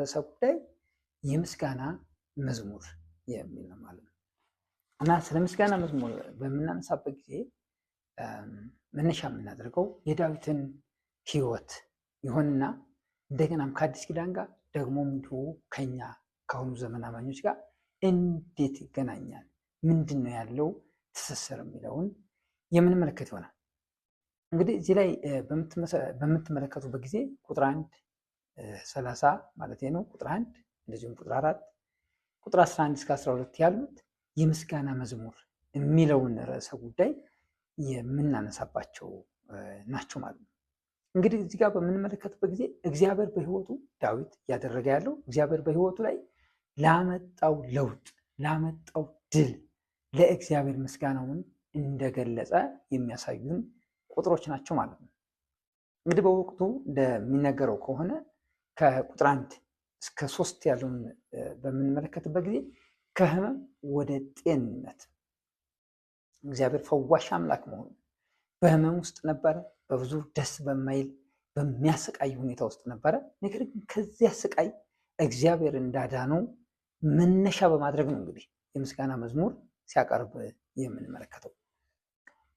ርዕሰ ጉዳይ የምስጋና መዝሙር የሚል ነው ማለት ነው። እና ስለ ምስጋና መዝሙር በምናነሳበት ጊዜ መነሻ የምናደርገው የዳዊትን ሕይወት ይሆንና እንደገናም ከአዲስ ኪዳን ጋር ደግሞም እንዲሁ ከኛ ከአሁኑ ዘመን አማኞች ጋር እንዴት ይገናኛል፣ ምንድን ነው ያለው ትስስር የሚለውን የምንመለከት ይሆናል። እንግዲህ እዚህ ላይ በምትመለከቱበት ጊዜ ቁጥር አንድ ሰላሳ ማለት ነው ቁጥር አንድ እንደዚሁም ቁጥር አራት ቁጥር 11 እስከ 12 ያሉት የምስጋና መዝሙር የሚለውን ርዕሰ ጉዳይ የምናነሳባቸው ናቸው ማለት ነው። እንግዲህ እዚህ ጋር በምንመለከትበት ጊዜ እግዚአብሔር በህይወቱ ዳዊት እያደረገ ያለው እግዚአብሔር በህይወቱ ላይ ላመጣው ለውጥ ላመጣው ድል ለእግዚአብሔር ምስጋናውን እንደገለጸ የሚያሳዩን ቁጥሮች ናቸው ማለት ነው። እንግዲህ በወቅቱ እንደሚነገረው ከሆነ ከቁጥር አንድ እስከ ሶስት ያለውን በምንመለከትበት ጊዜ ከህመም ወደ ጤንነት እግዚአብሔር ፈዋሽ አምላክ መሆኑ በህመም ውስጥ ነበረ። በብዙ ደስ በማይል በሚያሰቃይ ሁኔታ ውስጥ ነበረ። ነገር ግን ከዚያ ስቃይ እግዚአብሔር እንዳዳነው መነሻ በማድረግ ነው እንግዲህ የምስጋና መዝሙር ሲያቀርብ የምንመለከተው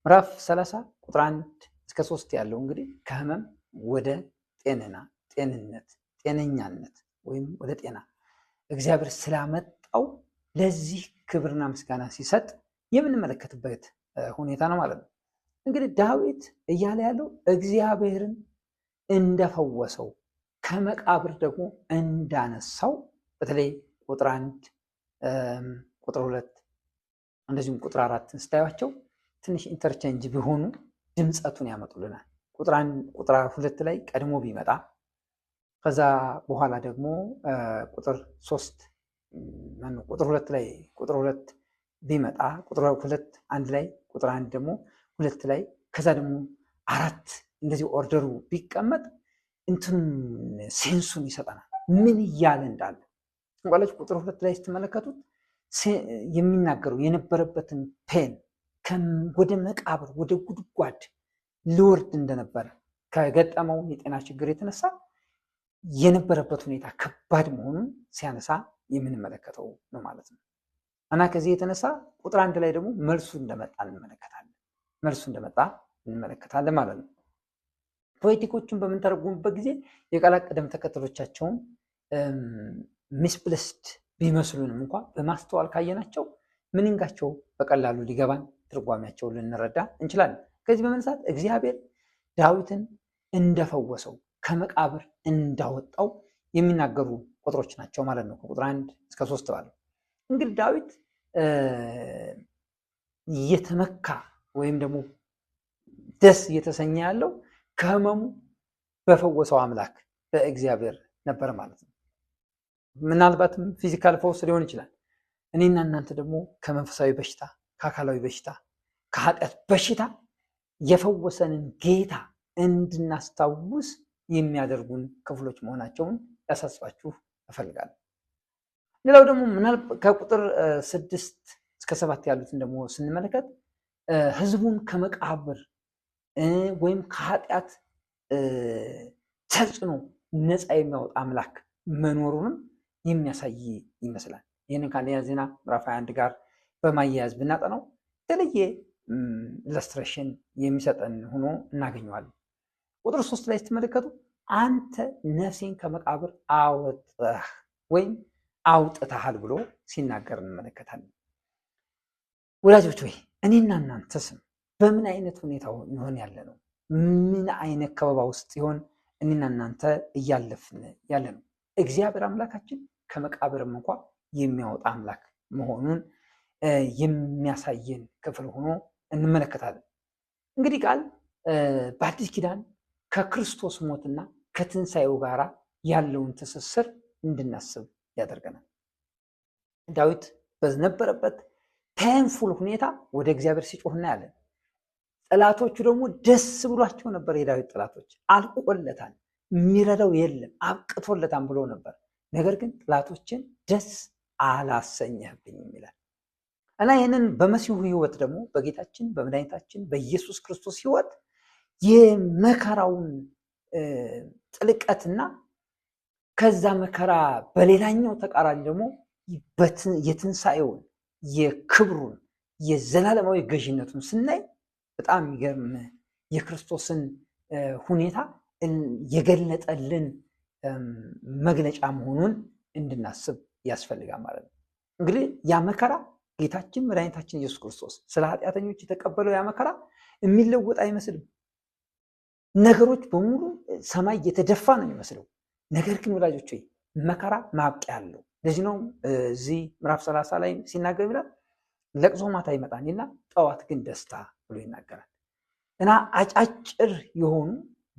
ምዕራፍ 30 ቁጥር አንድ እስከ ሶስት ያለው እንግዲህ ከህመም ወደ ጤንና ጤንነት ጤነኛነት ወይም ወደ ጤና እግዚአብሔር ስላመጣው ለዚህ ክብርና ምስጋና ሲሰጥ የምንመለከትበት ሁኔታ ነው ማለት ነው። እንግዲህ ዳዊት እያለ ያለው እግዚአብሔርን እንደፈወሰው ከመቃብር ደግሞ እንዳነሳው በተለይ ቁጥር አንድ ቁጥር ሁለት እንደዚሁም ቁጥር አራትን ስታዩቸው ትንሽ ኢንተርቼንጅ ቢሆኑ ድምፀቱን ያመጡልናል። ቁጥር ሁለት ላይ ቀድሞ ቢመጣ ከዛ በኋላ ደግሞ ቁጥር ሶስት ቁጥር ሁለት ላይ ቁጥር ሁለት ቢመጣ ቁጥር ሁለት አንድ ላይ ቁጥር አንድ ደግሞ ሁለት ላይ ከዛ ደግሞ አራት እንደዚህ ኦርደሩ ቢቀመጥ እንትን ሴንሱን ይሰጠናል፣ ምን እያለ እንዳለ እንቋላችሁ። ቁጥር ሁለት ላይ ስትመለከቱት የሚናገረው የነበረበትን ፔን ወደ መቃብር ወደ ጉድጓድ ሊወርድ እንደነበረ ከገጠመው የጤና ችግር የተነሳ የነበረበት ሁኔታ ከባድ መሆኑን ሲያነሳ የምንመለከተው ነው ማለት ነው እና ከዚህ የተነሳ ቁጥር አንድ ላይ ደግሞ መልሱ እንደመጣ እንመለከታለን። መልሱ እንደመጣ እንመለከታለን ማለት ነው። ፖለቲኮቹን በምንተረጉምበት ጊዜ የቃል ቅደም ተከተሎቻቸውን ሚስፕልስድ ቢመስሉንም እንኳ በማስተዋል ካየናቸው ምንንጋቸው በቀላሉ ሊገባን ትርጓሚያቸውን ልንረዳ እንችላለን። ከዚህ በመነሳት እግዚአብሔር ዳዊትን እንደፈወሰው ከመቃብር እንዳወጣው የሚናገሩ ቁጥሮች ናቸው ማለት ነው። ከቁጥር አንድ እስከ ሶስት ባለው እንግዲህ ዳዊት እየተመካ ወይም ደግሞ ደስ እየተሰኘ ያለው ከህመሙ በፈወሰው አምላክ በእግዚአብሔር ነበር ማለት ነው። ምናልባትም ፊዚካል ፈውስ ሊሆን ይችላል። እኔና እናንተ ደግሞ ከመንፈሳዊ በሽታ፣ ከአካላዊ በሽታ፣ ከኃጢአት በሽታ የፈወሰንን ጌታ እንድናስታውስ የሚያደርጉን ክፍሎች መሆናቸውን ያሳስባችሁ እፈልጋለሁ። ሌላው ደግሞ ምናልባት ከቁጥር ስድስት እስከ ሰባት ያሉትን ደግሞ ስንመለከት ህዝቡን ከመቃብር ወይም ከኃጢአት ተጽዕኖ ነፃ የሚያወጣ አምላክ መኖሩንም የሚያሳይ ይመስላል። ይህንን ከአንደኛ ዜና ምዕራፍ 21 ጋር በማያያዝ ብናጠናው የተለየ ኢለስትሬሽን የሚሰጠን ሆኖ እናገኘዋለን። ቁጥር ሶስት ላይ ስትመለከቱ አንተ ነፍሴን ከመቃብር አወጣህ ወይም አውጥተሃል ብሎ ሲናገር እንመለከታለን። ወላጆች ወይ እኔና እናንተ ስም በምን አይነት ሁኔታ ይሆን ያለ ነው? ምን አይነት ከበባ ውስጥ ይሆን እኔና እናንተ እያለፍን ያለ ነው? እግዚአብሔር አምላካችን ከመቃብርም እንኳ የሚያወጣ አምላክ መሆኑን የሚያሳየን ክፍል ሆኖ እንመለከታለን። እንግዲህ ቃል በአዲስ ኪዳን ከክርስቶስ ሞትና ከትንሣኤው ጋር ያለውን ትስስር እንድናስብ ያደርገናል። ዳዊት በነበረበት ፔንፉል ሁኔታ ወደ እግዚአብሔር ሲጮህና ያለ ጠላቶቹ ደግሞ ደስ ብሏቸው ነበር። የዳዊት ጠላቶች አልቆለታል፣ የሚረዳው የለም፣ አብቅቶለታል ብሎ ነበር። ነገር ግን ጠላቶችን ደስ አላሰኘህብኝ ይላል እና ይህንን በመሲሁ ህይወት ደግሞ በጌታችን በመድኃኒታችን በኢየሱስ ክርስቶስ ህይወት የመከራውን ጥልቀትና ከዛ መከራ በሌላኛው ተቃራኒ ደግሞ የትንሣኤውን የክብሩን የዘላለማዊ ገዥነቱን ስናይ በጣም የሚገርም የክርስቶስን ሁኔታ የገለጠልን መግለጫ መሆኑን እንድናስብ ያስፈልጋል ማለት ነው። እንግዲህ ያ መከራ ጌታችን መድኃኒታችን ኢየሱስ ክርስቶስ ስለ ኃጢአተኞች የተቀበለው ያ መከራ የሚለወጥ አይመስልም። ነገሮች በሙሉ ሰማይ እየተደፋ ነው የሚመስለው። ነገር ግን ወዳጆች መከራ ማብቂያ አለው። ለዚህ ነው እዚህ ምዕራፍ ሰላሳ ላይ ሲናገር ይላል ለቅሶ ማታ ይመጣልና ጠዋት ግን ደስታ ብሎ ይናገራል። እና አጫጭር የሆኑ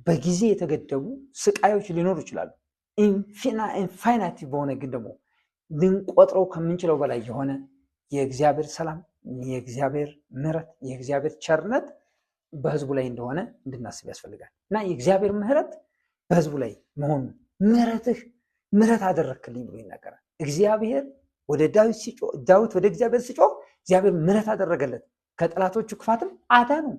በጊዜ የተገደቡ ስቃዮች ሊኖሩ ይችላሉ። ኢንፋይናቲ በሆነ ግን ደግሞ ልንቆጥረው ከምንችለው በላይ የሆነ የእግዚአብሔር ሰላም፣ የእግዚአብሔር ምሕረት፣ የእግዚአብሔር ቸርነት በህዝቡ ላይ እንደሆነ እንድናስብ ያስፈልጋል እና የእግዚአብሔር ምህረት በህዝቡ ላይ መሆኑን ምህረትህ ምረት አደረክልኝ ብሎ ይናገራል። እግዚአብሔር ወደ ዳዊት ሲጮህ ዳዊት ወደ እግዚአብሔር ሲጮ እግዚአብሔር ምሕረት አደረገለት ከጠላቶቹ ክፋትም አዳነው።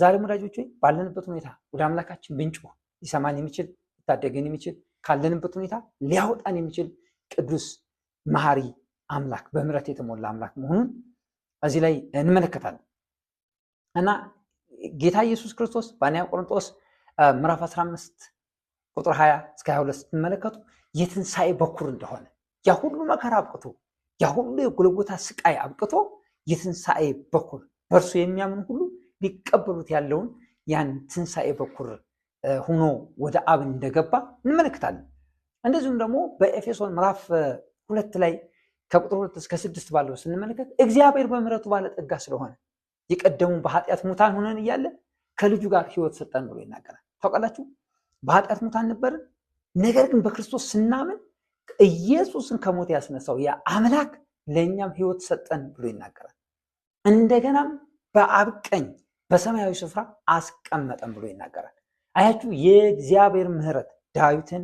ዛሬም ወዳጆች ወይ ባለንበት ሁኔታ ወደ አምላካችን ብንጮህ ሊሰማን የሚችል ሊታደገን የሚችል ካለንበት ሁኔታ ሊያወጣን የሚችል ቅዱስ መሐሪ አምላክ በምረት የተሞላ አምላክ መሆኑን እዚህ ላይ እንመለከታለን እና ጌታ ኢየሱስ ክርስቶስ በአንያ ቆሮንጦስ ምዕራፍ 15 ቁጥር 20 እስከ 22 ስትመለከቱ የትንሣኤ በኩር እንደሆነ ያ ሁሉ መከራ አብቅቶ ያ ሁሉ የጎልጎታ ስቃይ አብቅቶ የትንሣኤ በኩር በእርሱ የሚያምኑ ሁሉ ሊቀበሉት ያለውን ያን ትንሣኤ በኩር ሆኖ ወደ አብ እንደገባ እንመለከታለን። እንደዚሁም ደግሞ በኤፌሶን ምዕራፍ ሁለት ላይ ከቁጥር ሁለት እስከ ስድስት ባለው ስንመለከት እግዚአብሔር በምሕረቱ ባለጠጋ ስለሆነ የቀደሙ በኃጢአት ሙታን ሆነን እያለ ከልጁ ጋር ህይወት ሰጠን ብሎ ይናገራል። ታውቃላችሁ፣ በኃጢአት ሙታን ነበርን። ነገር ግን በክርስቶስ ስናምን ኢየሱስን ከሞት ያስነሳው ያ አምላክ ለእኛም ህይወት ሰጠን ብሎ ይናገራል። እንደገናም በአብ ቀኝ በሰማያዊ ስፍራ አስቀመጠን ብሎ ይናገራል። አያችሁ፣ የእግዚአብሔር ምሕረት ዳዊትን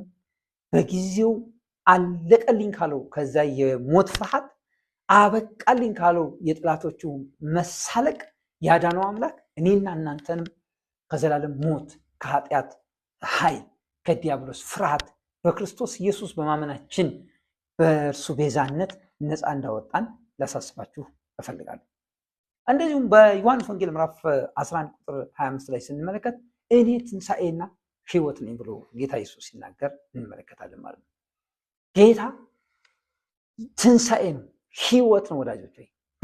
በጊዜው አለቀልኝ ካለው ከዛ የሞት ፍርሃት አበቃልኝ ካለው የጥላቶቹ መሳለቅ ያዳነው አምላክ እኔና እናንተንም ከዘላለም ሞት፣ ከኃጢአት ኃይል፣ ከዲያብሎስ ፍርሃት በክርስቶስ ኢየሱስ በማመናችን በእርሱ ቤዛነት ነፃ እንዳወጣን ላሳስባችሁ እፈልጋለሁ። እንደዚሁም በዮሐንስ ወንጌል ምዕራፍ 11 ቁጥር 25 ላይ ስንመለከት እኔ ትንሣኤና ሕይወት ነኝ ብሎ ጌታ ኢየሱስ ሲናገር እንመለከታለን ማለት ነው። ጌታ ትንሣኤ ነው፣ ሕይወት ነው። ወዳጆች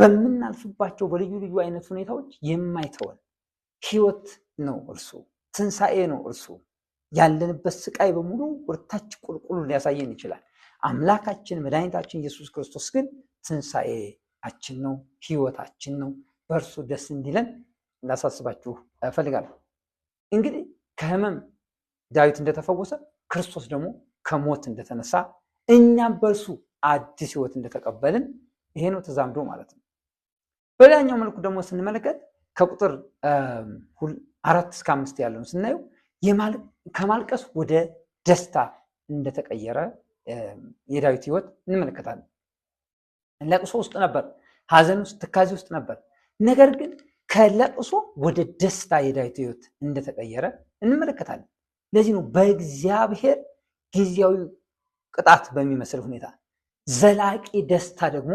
በምናልፍባቸው በልዩ ልዩ አይነት ሁኔታዎች የማይተወን ህይወት ነው እርሱ። ትንሣኤ ነው እርሱ። ያለንበት ስቃይ በሙሉ ወርታች ቁልቁሉ ሊያሳየን ይችላል። አምላካችን መድኃኒታችን ኢየሱስ ክርስቶስ ግን ትንሣኤያችን ነው፣ ህይወታችን ነው። በእርሱ ደስ እንዲለን እንዳሳስባችሁ እፈልጋለሁ። እንግዲህ ከህመም ዳዊት እንደተፈወሰ ክርስቶስ ደግሞ ከሞት እንደተነሳ እኛም በእርሱ አዲስ ህይወት እንደተቀበልን ይሄ ነው ተዛምዶ ማለት ነው። በሌላኛው መልኩ ደግሞ ስንመለከት ከቁጥር አራት እስከ አምስት ያለውን ስናየው ከማልቀስ ወደ ደስታ እንደተቀየረ የዳዊት ህይወት እንመለከታለን። ለቅሶ ውስጥ ነበር፣ ሀዘን ውስጥ፣ ትካዜ ውስጥ ነበር። ነገር ግን ከለቅሶ ወደ ደስታ የዳዊት ህይወት እንደተቀየረ እንመለከታለን። ለዚህ ነው በእግዚአብሔር ጊዜያዊ ቅጣት በሚመስል ሁኔታ ዘላቂ ደስታ ደግሞ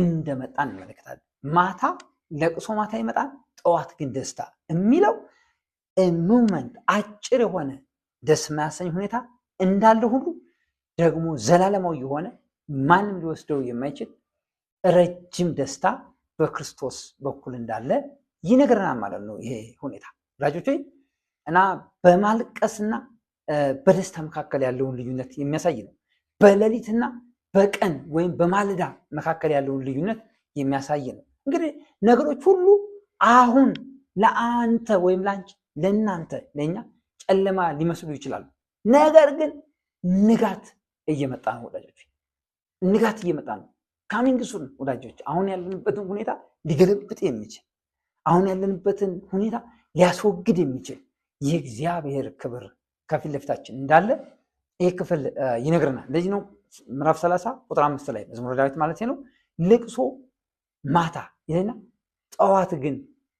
እንደመጣ እንመለከታለን። ማታ ለቅሶ ማታ ይመጣል፣ ጠዋት ግን ደስታ የሚለው ሙመንት አጭር የሆነ ደስ የማያሰኝ ሁኔታ እንዳለ ሁሉ ደግሞ ዘላለማዊ የሆነ ማንም ሊወስደው የማይችል ረጅም ደስታ በክርስቶስ በኩል እንዳለ ይነግረናል ማለት ነው። ይሄ ሁኔታ ወዳጆች እና በማልቀስና በደስታ መካከል ያለውን ልዩነት የሚያሳይ ነው። በሌሊትና በቀን ወይም በማለዳ መካከል ያለውን ልዩነት የሚያሳይ ነው። እንግዲህ ነገሮች ሁሉ አሁን ለአንተ ወይም ለአንቺ፣ ለእናንተ፣ ለእኛ ጨለማ ሊመስሉ ይችላሉ። ነገር ግን ንጋት እየመጣ ነው ወዳጆች፣ ንጋት እየመጣ ነው። ካሚንግ ሱን ወዳጆች፣ አሁን ያለንበትን ሁኔታ ሊገለብጥ የሚችል አሁን ያለንበትን ሁኔታ ሊያስወግድ የሚችል የእግዚአብሔር ክብር ከፊት ለፊታችን እንዳለ ይህ ክፍል ይነግርናል። እንደዚህ ነው ምዕራፍ 30 ቁጥር አምስት ላይ መዝሙረ ዳዊት ማለት ነው። ልቅሶ ማታ ይህና ጠዋት ግን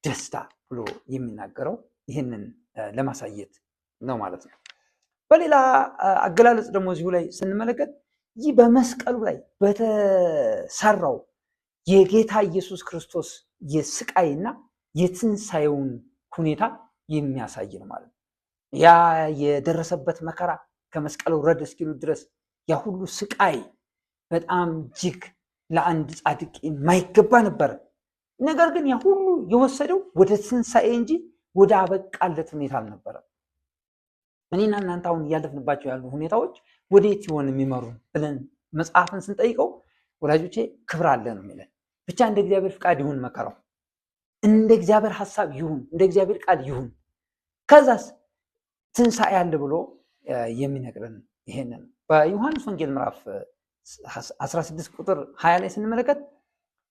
ደስታ ብሎ የሚናገረው ይህንን ለማሳየት ነው ማለት ነው። በሌላ አገላለጽ ደግሞ እዚሁ ላይ ስንመለከት ይህ በመስቀሉ ላይ በተሰራው የጌታ ኢየሱስ ክርስቶስ የስቃይና የትንሣኤውን ሁኔታ የሚያሳይ ነው ማለት ነው። ያ የደረሰበት መከራ ከመስቀሉ ረድ እስኪሉ ድረስ ያ ሁሉ ስቃይ በጣም እጅግ ለአንድ ጻድቅ የማይገባ ነበር። ነገር ግን ያ ሁሉ የወሰደው ወደ ትንሣኤ እንጂ ወደ አበቃለት ሁኔታ አልነበረም። እኔና እናንተ አሁን እያለፍንባቸው ያሉ ሁኔታዎች ወዴት ሲሆን የሚመሩ ብለን መጽሐፍን ስንጠይቀው ወላጆቼ ክብር አለ ነው የሚለን። ብቻ እንደ እግዚአብሔር ፍቃድ ይሁን መከራው፣ እንደ እግዚአብሔር ሀሳብ ይሁን፣ እንደ እግዚአብሔር ቃል ይሁን። ከዛስ ትንሣኤ አለ ብሎ የሚነግረን ይሄንን በዮሐንስ ወንጌል ምዕራፍ 16 ቁጥር 20 ላይ ስንመለከት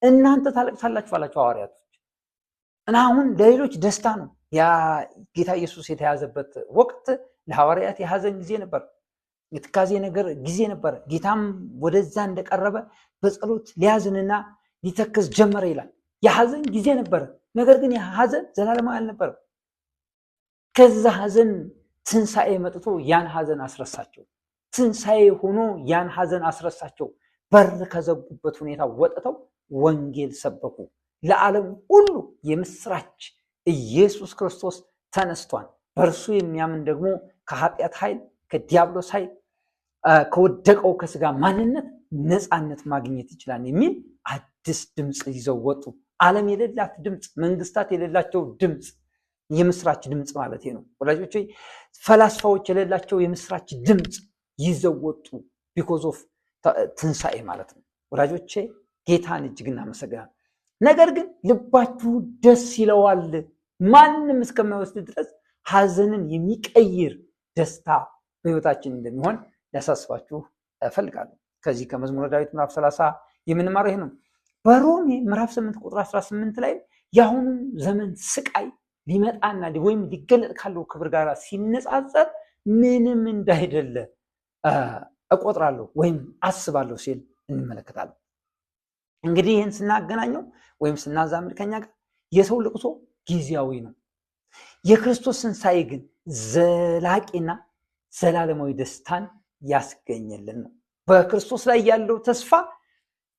እናንተ ታለቅሳላችሁ አላቸው ሐዋርያቶች። እና አሁን ለሌሎች ደስታ ነው። ያ ጌታ ኢየሱስ የተያዘበት ወቅት ለሐዋርያት የሐዘን ጊዜ ነበር፣ የትካዜ ነገር ጊዜ ነበር። ጌታም ወደዛ እንደቀረበ በጸሎት ሊያዝንና ሊተክዝ ጀመረ ይላል። የሐዘን ጊዜ ነበረ። ነገር ግን የሐዘን ዘላለማ አልነበረም። ከዛ ሐዘን ትንሣኤ መጥቶ ያን ሐዘን አስረሳቸው። ትንሣኤ ሆኖ ያን ሐዘን አስረሳቸው። በር ከዘጉበት ሁኔታ ወጥተው ወንጌል ሰበኩ። ለዓለም ሁሉ የምስራች ኢየሱስ ክርስቶስ ተነስቷል፣ በእርሱ የሚያምን ደግሞ ከኃጢአት ኃይል፣ ከዲያብሎስ ኃይል፣ ከወደቀው ከስጋ ማንነት ነፃነት ማግኘት ይችላል የሚል አዲስ ድምፅ ይዘው ወጡ። ዓለም የሌላት ድምፅ፣ መንግስታት የሌላቸው ድምፅ፣ የምስራች ድምፅ ማለት ነው ወላጆች ፈላስፋዎች የሌላቸው የምስራች ድምፅ ይዘወጡ ቢኮዝ ኦፍ ትንሣኤ ማለት ነው ወላጆቼ ጌታን እጅግ እናመሰግናል። ነገር ግን ልባችሁ ደስ ይለዋል። ማንም እስከማይወስድ ድረስ ሀዘንን የሚቀይር ደስታ በህይወታችን እንደሚሆን ሊያሳስባችሁ እፈልጋለሁ። ከዚህ ከመዝሙረ ዳዊት ምዕራፍ 30 የምንማረው ይሄ ነው። በሮሜ ምዕራፍ 8 ቁጥር 18 ላይ የአሁኑ ዘመን ስቃይ ሊመጣና ወይም ሊገለጥ ካለው ክብር ጋር ሲነጻጸር ምንም እንዳይደለ እቆጥራለሁ ወይም አስባለሁ ሲል እንመለከታለን። እንግዲህ ይህን ስናገናኘው ወይም ስናዛምድ ከኛ ጋር የሰው ልቅሶ ጊዜያዊ ነው። የክርስቶስ ትንሣኤ ግን ዘላቂና ዘላለማዊ ደስታን ያስገኘልን ነው። በክርስቶስ ላይ ያለው ተስፋ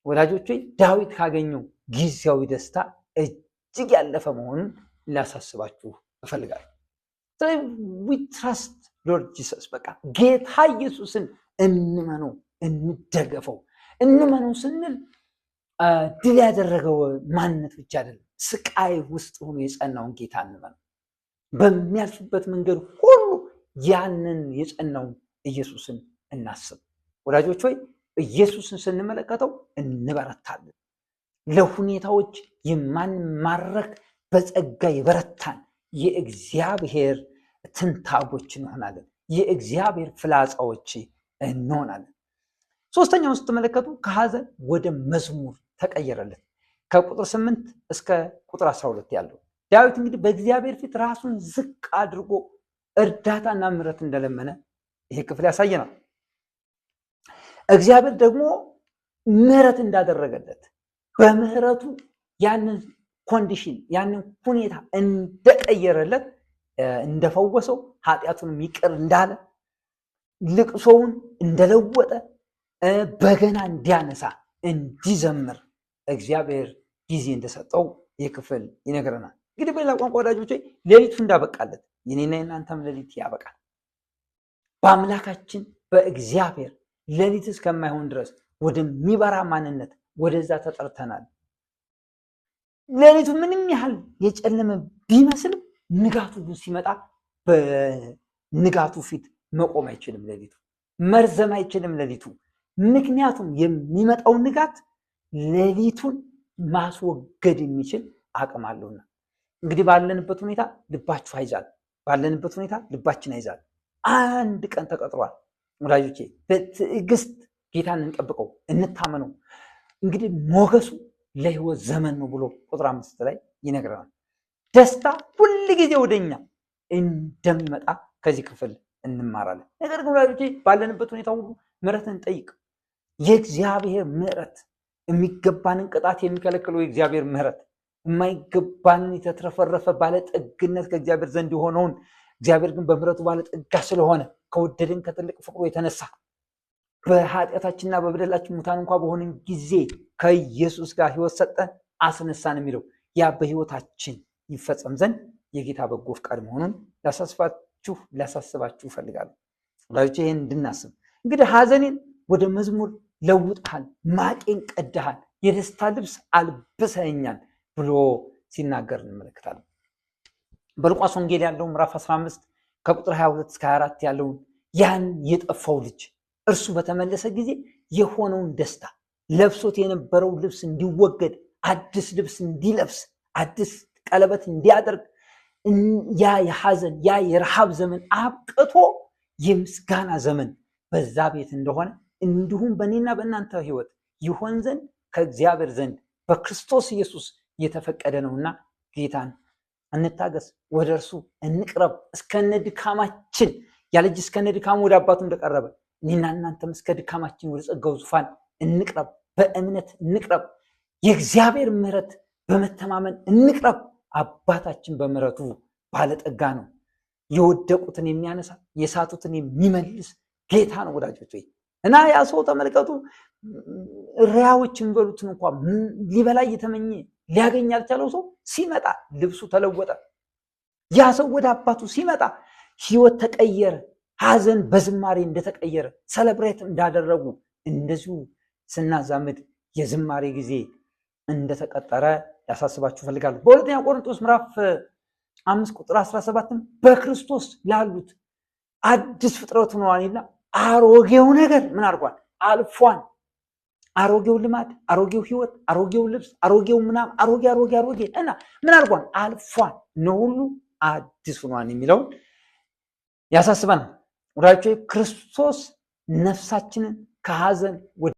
ወዳጆች፣ ዳዊት ካገኘው ጊዜያዊ ደስታ እጅግ ያለፈ መሆኑን ሊያሳስባችሁ እፈልጋል ትራስት ሎርድ ጂሰስ በቃ ጌታ ኢየሱስን እንመነው፣ እንደገፈው። እንመነው ስንል ድል ያደረገው ማንነት ብቻ አይደለም፣ ስቃይ ውስጥ ሆኖ የጸናውን ጌታ እንመን በሚያልፍበት መንገድ ሁሉ ያንን የጸናውን ኢየሱስን እናስብ። ወዳጆች ሆይ ኢየሱስን ስንመለከተው እንበረታለን። ለሁኔታዎች የማንማረክ በጸጋ የበረታን የእግዚአብሔር ትንታጎች እንሆናለን። የእግዚአብሔር ፍላጻዎች እንሆናለን። ሶስተኛውን ስትመለከቱ ከሐዘን ወደ መዝሙር ተቀየረለት። ከቁጥር 8 እስከ ቁጥር 12 ያለው ዳዊት እንግዲህ በእግዚአብሔር ፊት ራሱን ዝቅ አድርጎ እርዳታና ምሕረት እንደለመነ ይሄ ክፍል ያሳየናል። እግዚአብሔር ደግሞ ምሕረት እንዳደረገለት በምሕረቱ ያንን ኮንዲሽን ያንን ሁኔታ እንደቀየረለት እንደፈወሰው ኃጢአቱንም ይቅር እንዳለ ልቅሶውን እንደለወጠ በገና እንዲያነሳ እንዲዘምር እግዚአብሔር ጊዜ እንደሰጠው ይህ ክፍል ይነግረናል። እንግዲህ በሌላ ቋንቋ ወዳጆች ሌሊቱ እንዳበቃለት የኔና የናንተም ሌሊት ያበቃል። በአምላካችን በእግዚአብሔር ሌሊት እስከማይሆን ድረስ ወደሚበራ ማንነት ወደዛ ተጠርተናል። ሌሊቱ ምንም ያህል የጨለመ ቢመስልም ንጋቱ ሲመጣ በንጋቱ ፊት መቆም አይችልም። ሌሊቱ መርዘም አይችልም። ሌሊቱ ምክንያቱም የሚመጣው ንጋት ሌሊቱን ማስወገድ የሚችል አቅም አለውና እንግዲህ ባለንበት ሁኔታ ልባችሁ አይዛል፣ ባለንበት ሁኔታ ልባችን አይዛል። አንድ ቀን ተቀጥሯል። ወዳጆቼ በትዕግስት ጌታን እንጠብቀው፣ እንታመነው። እንግዲህ ሞገሱ ለህይወት ዘመን ነው ብሎ ቁጥር አምስት ላይ ይነግረናል። ደስታ ሁል ጊዜ ወደኛ እንደሚመጣ ከዚህ ክፍል እንማራለን። ነገር ግን ወዳጆቼ ባለንበት ሁኔታ ሁሉ ምሕረትን እንጠይቅ። የእግዚአብሔር ምሕረት የሚገባንን ቅጣት የሚከለክለው የእግዚአብሔር ምሕረት የማይገባንን የተትረፈረፈ ባለጠግነት ከእግዚአብሔር ዘንድ የሆነውን እግዚአብሔር ግን በምሕረቱ ባለጠጋ ስለሆነ ከወደደን ከትልቅ ፍቅሩ የተነሳ በኃጢአታችንና በበደላችን ሙታን እንኳ በሆንን ጊዜ ከኢየሱስ ጋር ህይወት ሰጠን አስነሳን የሚለው ያ በህይወታችን ይፈጸም ዘንድ የጌታ በጎ ፍቃድ መሆኑን ላሳስባችሁ ላሳስባችሁ እፈልጋለሁ። ወዳጆቼ ይህን እንድናስብ እንግዲህ ሀዘኔን ወደ መዝሙር ለውጥሃል፣ ማቄን ቀድሃል፣ የደስታ ልብስ አልብሰኛል ብሎ ሲናገር እንመለከታለን። በሉቃስ ወንጌል ያለው ምዕራፍ 15 ከቁጥር 22 እስከ 24 ያለውን ያን የጠፋው ልጅ እርሱ በተመለሰ ጊዜ የሆነውን ደስታ ለብሶት የነበረው ልብስ እንዲወገድ፣ አዲስ ልብስ እንዲለብስ፣ አዲስ ቀለበት እንዲያደርግ ያ የሐዘን ያ የረሃብ ዘመን አብቅቶ የምስጋና ዘመን በዛ ቤት እንደሆነ እንዲሁም በእኔና በእናንተ ህይወት ይሆን ዘንድ ከእግዚአብሔር ዘንድ በክርስቶስ ኢየሱስ የተፈቀደ ነውና ጌታን እንታገስ፣ ወደ እርሱ እንቅረብ። እስከነ ድካማችን ያለ እጅ እስከነ ድካሙ ወደ አባቱ እንደቀረበ እኔና እናንተም እስከ ድካማችን ወደ ጸጋው ዙፋን እንቅረብ፣ በእምነት እንቅረብ፣ የእግዚአብሔር ምሕረት በመተማመን እንቅረብ። አባታችን በምሕረቱ ባለጠጋ ነው። የወደቁትን የሚያነሳ የሳቱትን የሚመልስ ጌታ ነው። ወዳጆች እና ያ ሰው ተመልከቱ ሪያዎችን በሉትን እንኳ ሊበላ እየተመኘ ሊያገኝ ያልቻለው ሰው ሲመጣ ልብሱ ተለወጠ። ያ ሰው ወደ አባቱ ሲመጣ ህይወት ተቀየረ። ሐዘን በዝማሬ እንደተቀየረ ሰለብሬት እንዳደረጉ እንደዚሁ ስናዛምድ የዝማሬ ጊዜ እንደተቀጠረ ያሳስባችሁ እፈልጋለሁ። በሁለተኛ ቆሮንቶስ ምዕራፍ አምስት ቁጥር 17 በክርስቶስ ላሉት አዲስ ፍጥረት ሆነዋልና አሮጌው ነገር ምን አድርጓል? አልፏን አሮጌው ልማድ፣ አሮጌው ህይወት፣ አሮጌው ልብስ፣ አሮጌው ምናም አሮጌ አሮጌ አሮጌ እና ምን አድርጓል? አልፏን ነው ሁሉ አዲስ ሆኗን የሚለውን ያሳስበናል። ወዳጆቼ ክርስቶስ ነፍሳችንን ከሀዘን ወደ